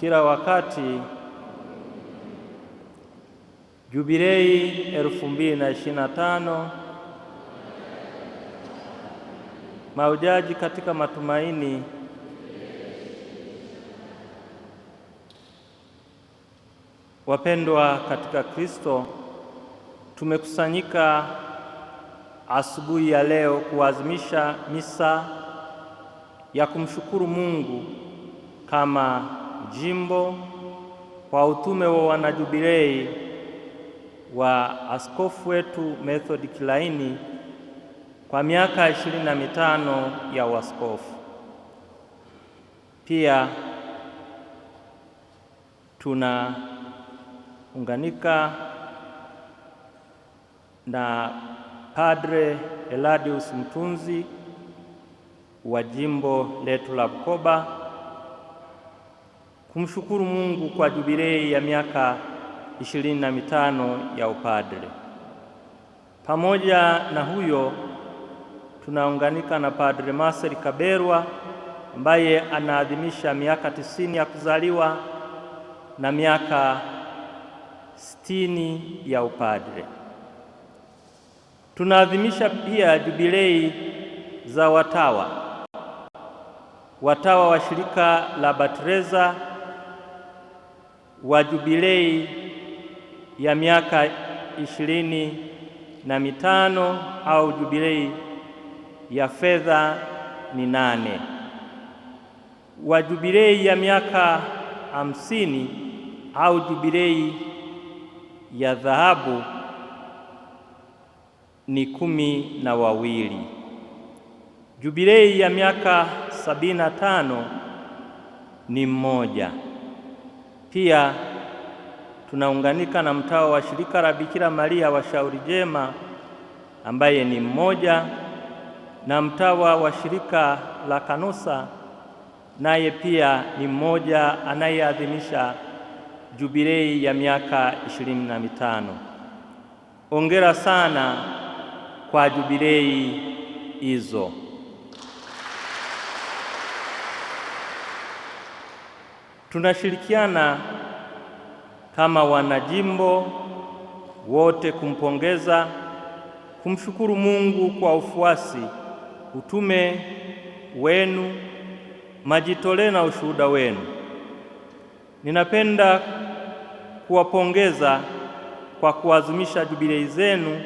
Kila wakati Jubilei 2025 mahujaji katika matumaini. Wapendwa katika Kristo, tumekusanyika asubuhi ya leo kuadhimisha misa ya kumshukuru Mungu kama jimbo kwa utume wa wanajubilei wa askofu wetu Method Kilaini kwa miaka ishirini na mitano ya uaskofu. Pia tunaunganika na Padre Eladius Mtunzi wa jimbo letu la Bukoba kumshukuru Mungu kwa jubilei ya miaka ishirini na mitano ya upadre. Pamoja na huyo tunaunganika na Padre Marcel Kaberwa ambaye anaadhimisha miaka tisini ya kuzaliwa na miaka sitini ya upadre. Tunaadhimisha pia jubilei za watawa, watawa wa shirika la batreza wa jubilei ya miaka ishirini na mitano au jubilei ya fedha ni nane. Wa jubilei ya miaka hamsini au jubilei ya dhahabu ni kumi na wawili. Jubilei ya miaka sabini na tano ni mmoja. Pia tunaunganika na mtawa wa shirika la Bikira Maria Shauri Jema ambaye ni mmoja na mtawa wa shirika la Kanusa naye pia ni mmoja anayeadhimisha jubilei ya miaka ishirini na mitano. Ongera sana kwa jubilei hizo. Tunashirikiana kama wanajimbo wote kumpongeza, kumshukuru Mungu kwa ufuasi, utume wenu, majitole na ushuhuda wenu. Ninapenda kuwapongeza kwa kuadhimisha jubilei zenu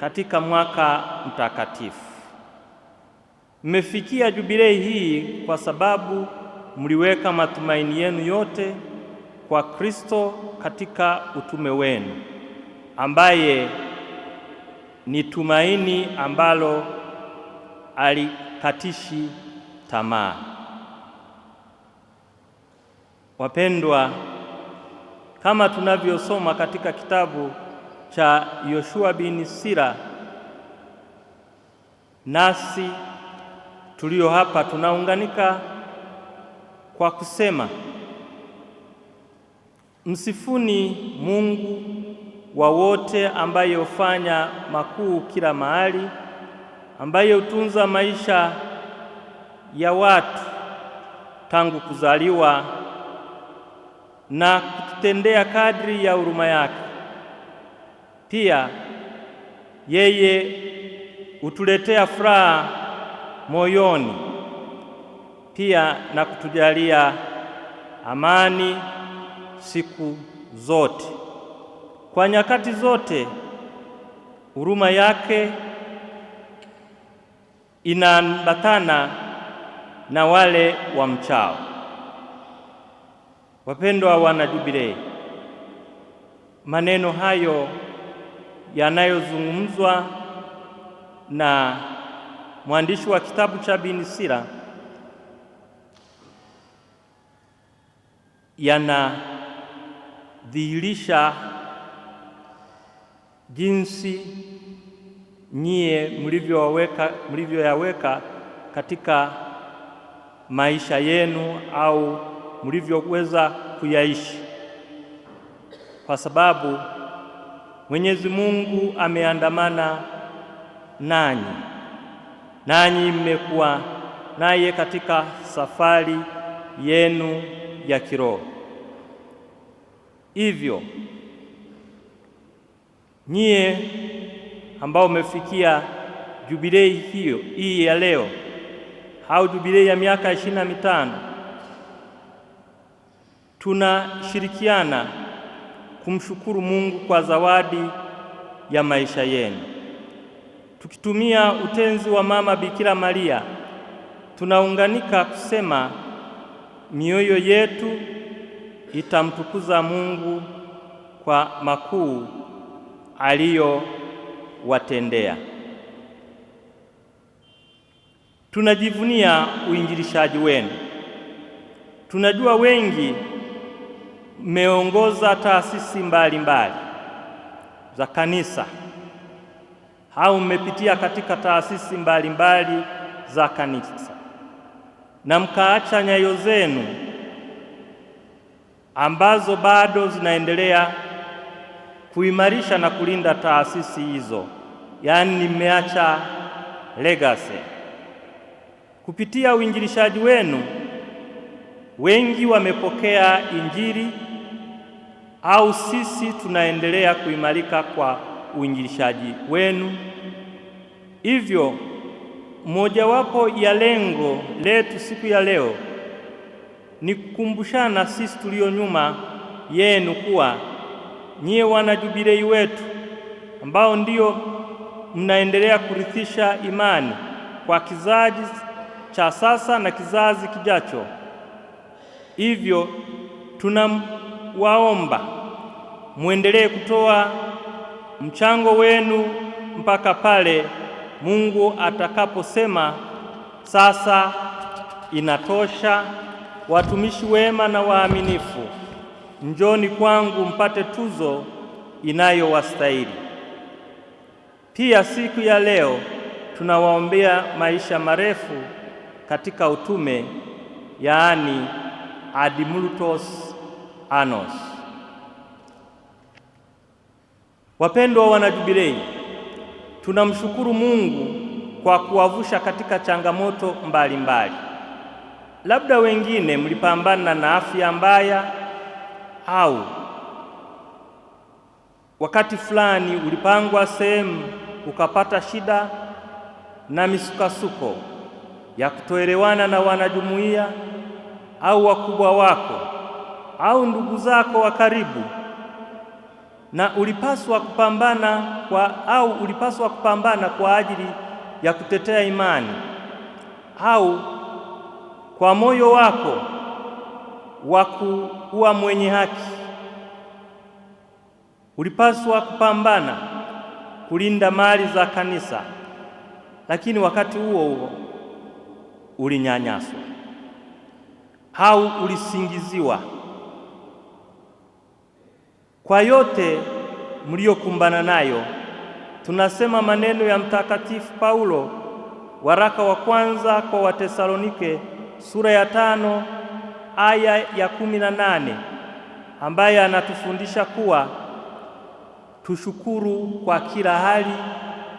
katika mwaka mtakatifu. Mmefikia jubilei hii kwa sababu mliweka matumaini yenu yote kwa Kristo katika utume wenu, ambaye ni tumaini ambalo alikatishi tamaa. Wapendwa, kama tunavyosoma katika kitabu cha Yoshua bin Sira, nasi tulio hapa tunaunganika kwa kusema msifuni Mungu wa wote, ambaye hufanya makuu kila mahali, ambaye hutunza maisha ya watu tangu kuzaliwa na kututendea kadri ya huruma yake. Pia yeye hutuletea furaha moyoni pia na kutujalia amani siku zote, kwa nyakati zote. Huruma yake inaambatana na wale wa mchao. Wapendwa wana Jubilei, maneno hayo yanayozungumzwa na mwandishi wa kitabu cha Binisira yanadhihirisha jinsi nyie mlivyoweka mlivyoyaweka katika maisha yenu au mlivyoweza kuyaishi, kwa sababu Mwenyezi Mungu ameandamana nanyi, nanyi mmekuwa naye katika safari yenu ya kiroho. Hivyo nyie ambao mmefikia jubilei hiyo hii ya leo au jubilei ya miaka ishirini na mitano tunashirikiana kumshukuru Mungu kwa zawadi ya maisha yenu. Tukitumia utenzi wa Mama Bikira Maria tunaunganika kusema mioyo yetu itamtukuza Mungu kwa makuu aliyowatendea. Tunajivunia uinjilishaji wenu. Tunajua wengi mmeongoza taasisi mbalimbali za kanisa au mmepitia katika taasisi mbalimbali za kanisa na mkaacha nyayo zenu ambazo bado zinaendelea kuimarisha na kulinda taasisi hizo, yaani nimeacha legacy. Kupitia uinjilishaji wenu, wengi wamepokea Injili au sisi tunaendelea kuimarika kwa uinjilishaji wenu hivyo mojawapo ya lengo letu siku ya leo ni kukumbushana sisi tulio nyuma yenu kuwa nyie wana jubilei wetu ambao ndiyo mnaendelea kurithisha imani kwa kizazi cha sasa na kizazi kijacho. Hivyo tunawaomba muendelee kutoa mchango wenu mpaka pale Mungu atakaposema sasa inatosha, watumishi wema na waaminifu, njoni kwangu mpate tuzo inayowastahili. Pia siku ya leo tunawaombea maisha marefu katika utume, yaani ad multos annos. Wapendwa wanajubilei tunamshukuru Mungu kwa kuwavusha katika changamoto mbalimbali mbali. Labda wengine mlipambana na afya mbaya au wakati fulani ulipangwa sehemu ukapata shida na misukasuko ya kutoelewana na wanajumuiya au wakubwa wako au ndugu zako wa karibu na ulipaswa kupambana kwa, au ulipaswa kupambana kwa ajili ya kutetea imani au kwa moyo wako wa kuwa mwenye haki. Ulipaswa kupambana kulinda mali za kanisa, lakini wakati huo huo ulinyanyaswa au ulisingiziwa kwa yote mliokumbana nayo, tunasema maneno ya Mtakatifu Paulo, waraka wa kwanza kwa Watesalonike sura ya tano aya ya kumi na nane ambaye anatufundisha kuwa tushukuru kwa kila hali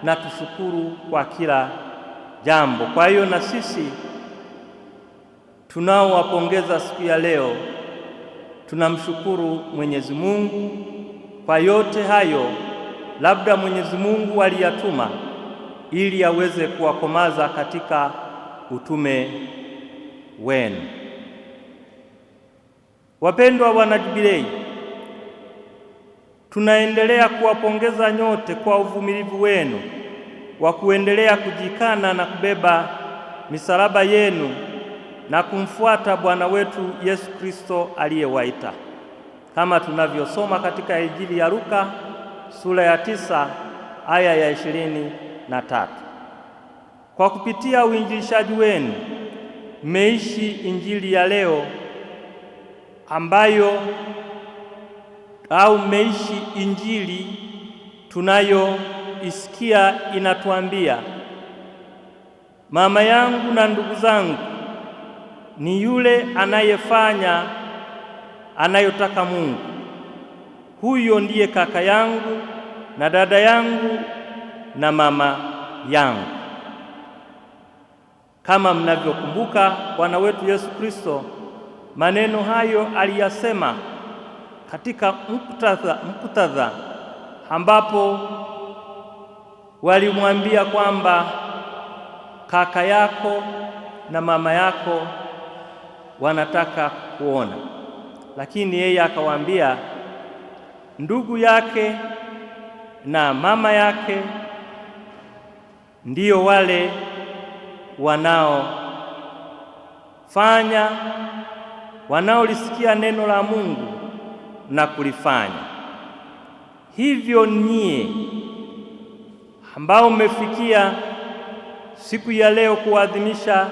na tushukuru kwa kila jambo. Kwa hiyo na sisi tunaowapongeza siku ya leo Tunamshukuru Mwenyezi Mungu kwa yote hayo, labda Mwenyezi Mungu aliyatuma ili aweze kuwakomaza katika utume wenu. Wapendwa wanajubilei, tunaendelea kuwapongeza nyote kwa uvumilivu wenu wa kuendelea kujikana na kubeba misalaba yenu na kumfuata Bwana wetu Yesu Kristo aliyewaita, kama tunavyosoma katika Injili ya Luka sura ya tisa aya ya ishirini na tatu. Kwa kupitia uinjilishaji wenu mmeishi injili ya leo ambayo au mmeishi injili tunayoisikia inatuambia, mama yangu na ndugu zangu ni yule anayefanya anayotaka Mungu. Huyo ndiye kaka yangu na dada yangu na mama yangu. Kama mnavyokumbuka, Bwana wetu Yesu Kristo maneno hayo aliyasema katika muktadha muktadha ambapo walimwambia kwamba kaka yako na mama yako wanataka kuona, lakini yeye akawaambia ndugu yake na mama yake ndiyo wale wanaofanya wanaolisikia neno la Mungu na kulifanya. Hivyo nyie ambao mmefikia siku ya leo kuadhimisha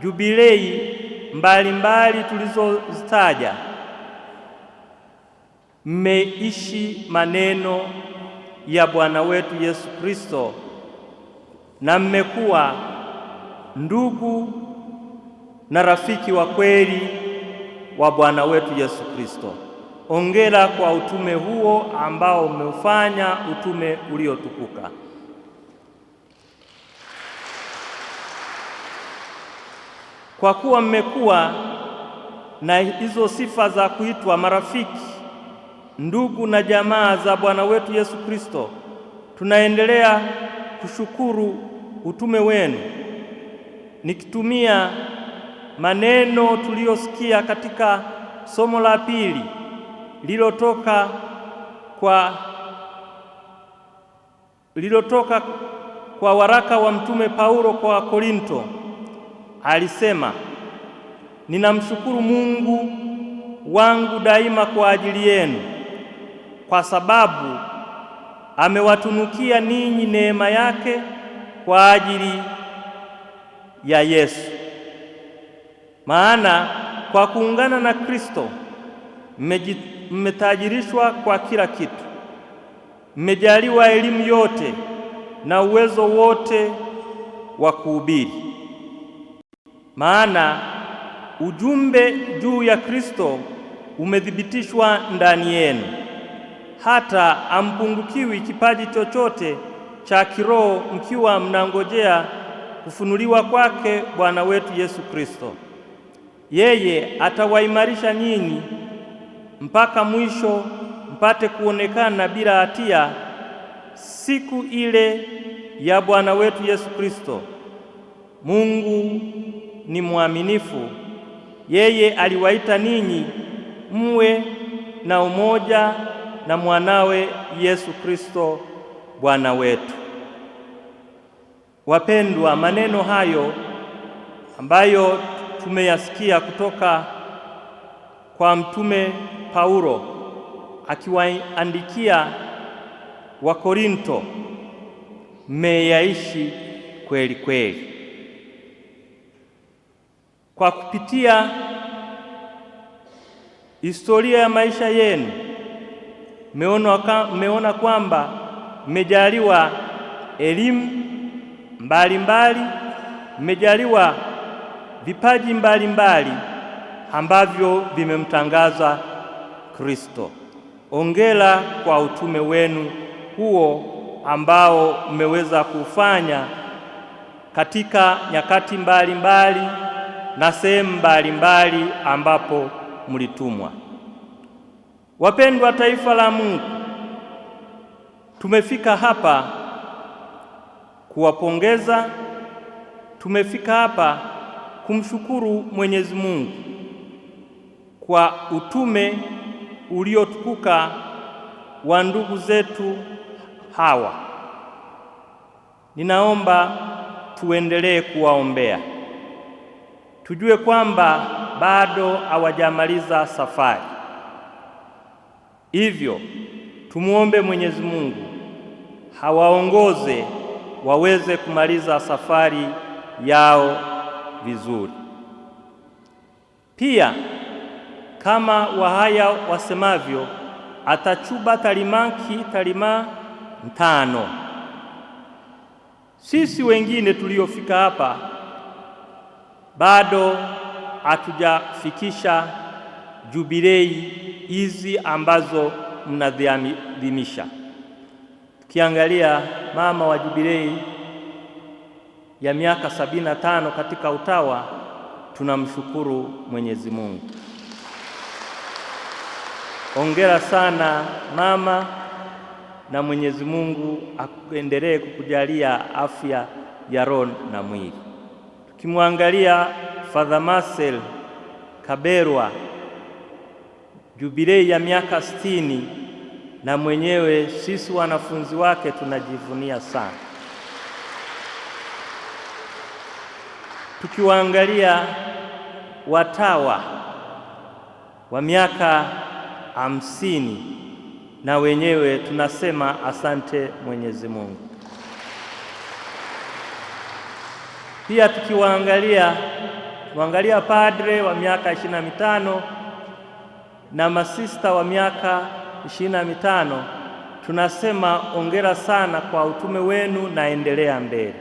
jubilei mbalimbali tulizozitaja, mmeishi maneno ya Bwana wetu Yesu Kristo na mmekuwa ndugu na rafiki wa kweli wa Bwana wetu Yesu Kristo. Ongera kwa utume huo ambao umeufanya utume uliotukuka. kwa kuwa mmekuwa na hizo sifa za kuitwa marafiki, ndugu na jamaa za Bwana wetu Yesu Kristo, tunaendelea kushukuru utume wenu, nikitumia maneno tuliyosikia katika somo la pili lilotoka kwa lilotoka kwa waraka wa mtume Paulo kwa Korinto alisema, ninamshukuru Mungu wangu daima kwa ajili yenu, kwa sababu amewatunukia ninyi neema yake kwa ajili ya Yesu. Maana kwa kuungana na Kristo mmetajirishwa kwa kila kitu, mmejaliwa elimu yote na uwezo wote wa kuhubiri maana ujumbe juu ya Kristo umethibitishwa ndani yenu, hata ampungukiwi kipaji chochote cha kiroho, mkiwa mnangojea kufunuliwa kwake Bwana wetu Yesu Kristo. Yeye atawaimarisha nyinyi mpaka mwisho, mpate kuonekana bila hatia siku ile ya Bwana wetu Yesu Kristo. Mungu ni mwaminifu. Yeye aliwaita ninyi muwe na umoja na mwanawe Yesu Kristo Bwana wetu. Wapendwa, maneno hayo ambayo tumeyasikia kutoka kwa mtume Paulo akiwaandikia Wakorinto mmeyaishi kweli kweli kwa kupitia historia ya maisha yenu mmeona kwamba mmejaliwa elimu mbalimbali, mmejaliwa vipaji mbalimbali ambavyo vimemtangaza Kristo. Ongera kwa utume wenu huo ambao mmeweza kufanya katika nyakati mbalimbali mbali, na sehemu mbalimbali ambapo mlitumwa. Wapendwa taifa la Mungu, tumefika hapa kuwapongeza, tumefika hapa kumshukuru Mwenyezi Mungu kwa utume uliotukuka wa ndugu zetu hawa. Ninaomba tuendelee kuwaombea tujue kwamba bado hawajamaliza safari. Hivyo tumuombe Mwenyezi Mungu hawaongoze waweze kumaliza safari yao vizuri. Pia kama wahaya wasemavyo, atachuba talimaki talima ntano. Sisi wengine tuliofika hapa bado hatujafikisha jubilei hizi ambazo mnadhimisha. Tukiangalia mama wa jubilei ya miaka sabini na tano katika utawa, tunamshukuru Mwenyezi Mungu. Hongera sana mama, na Mwenyezi Mungu akuendelee kukujalia afya ya roho na mwili. Ukimwangalia Father Marcel Kaberwa, jubilei ya miaka sitini, na mwenyewe sisi wanafunzi wake tunajivunia sana. Tukiwaangalia watawa wa miaka hamsini, na wenyewe tunasema asante Mwenyezi Mungu. Pia tukiwaangalia waangalia padre wa miaka ishirini na mitano na masista wa miaka ishirini na mitano tunasema ongera sana kwa utume wenu na endelea mbele.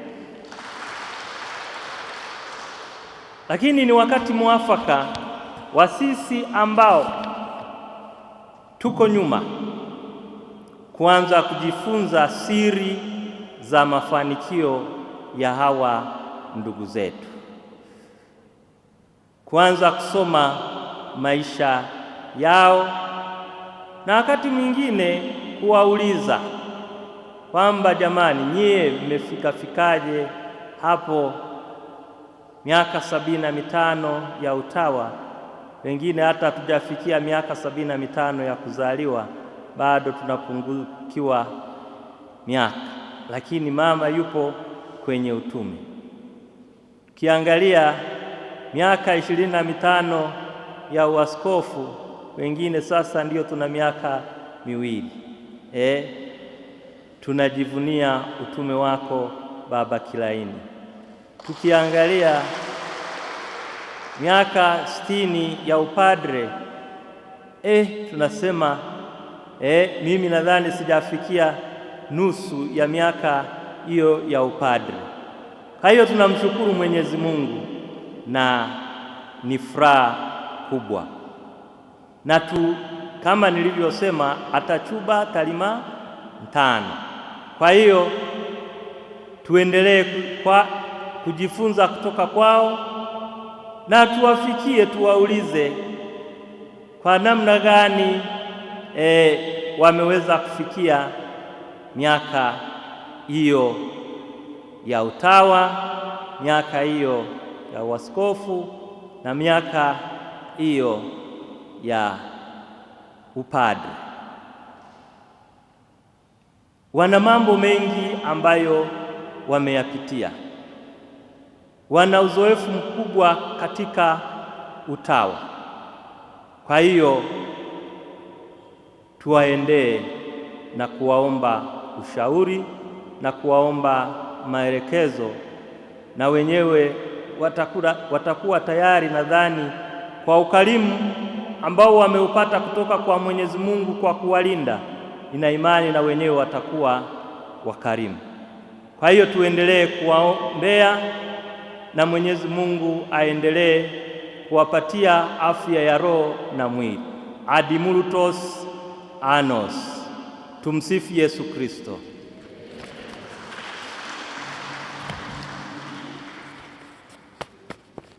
Lakini ni wakati mwafaka wa sisi ambao tuko nyuma kuanza kujifunza siri za mafanikio ya hawa ndugu zetu, kwanza kusoma maisha yao na wakati mwingine kuwauliza kwamba jamani, nyie mmefikafikaje hapo miaka sabini na mitano ya utawa? Wengine hata hatujafikia miaka sabini na mitano ya kuzaliwa, bado tunapungukiwa miaka, lakini mama yupo kwenye utume. Ukiangalia miaka ishirini na mitano ya uaskofu, wengine sasa ndiyo tuna miaka miwili. E, tunajivunia utume wako Baba Kilaini. Tukiangalia miaka sitini ya upadre e, tunasema e, mimi nadhani sijafikia nusu ya miaka hiyo ya upadre. Kwa hiyo tunamshukuru Mwenyezi Mungu na ni furaha kubwa, na tu kama nilivyosema, atachuba talima mtano. Kwa hiyo tuendelee kwa kujifunza kutoka kwao na tuwafikie, tuwaulize kwa namna gani e, wameweza kufikia miaka hiyo ya utawa, miaka hiyo ya uaskofu na miaka hiyo ya upadre. Wana mambo mengi ambayo wameyapitia, wana uzoefu mkubwa katika utawa. Kwa hiyo tuwaendee na kuwaomba ushauri na kuwaomba maelekezo na wenyewe watakula, watakuwa tayari nadhani kwa ukarimu ambao wameupata kutoka kwa Mwenyezi Mungu kwa kuwalinda, nina imani na wenyewe watakuwa wakarimu. Kwa hiyo tuendelee kuwaombea na Mwenyezi Mungu aendelee kuwapatia afya ya roho na mwili. Ad anos. annos. Tumsifu Yesu Kristo.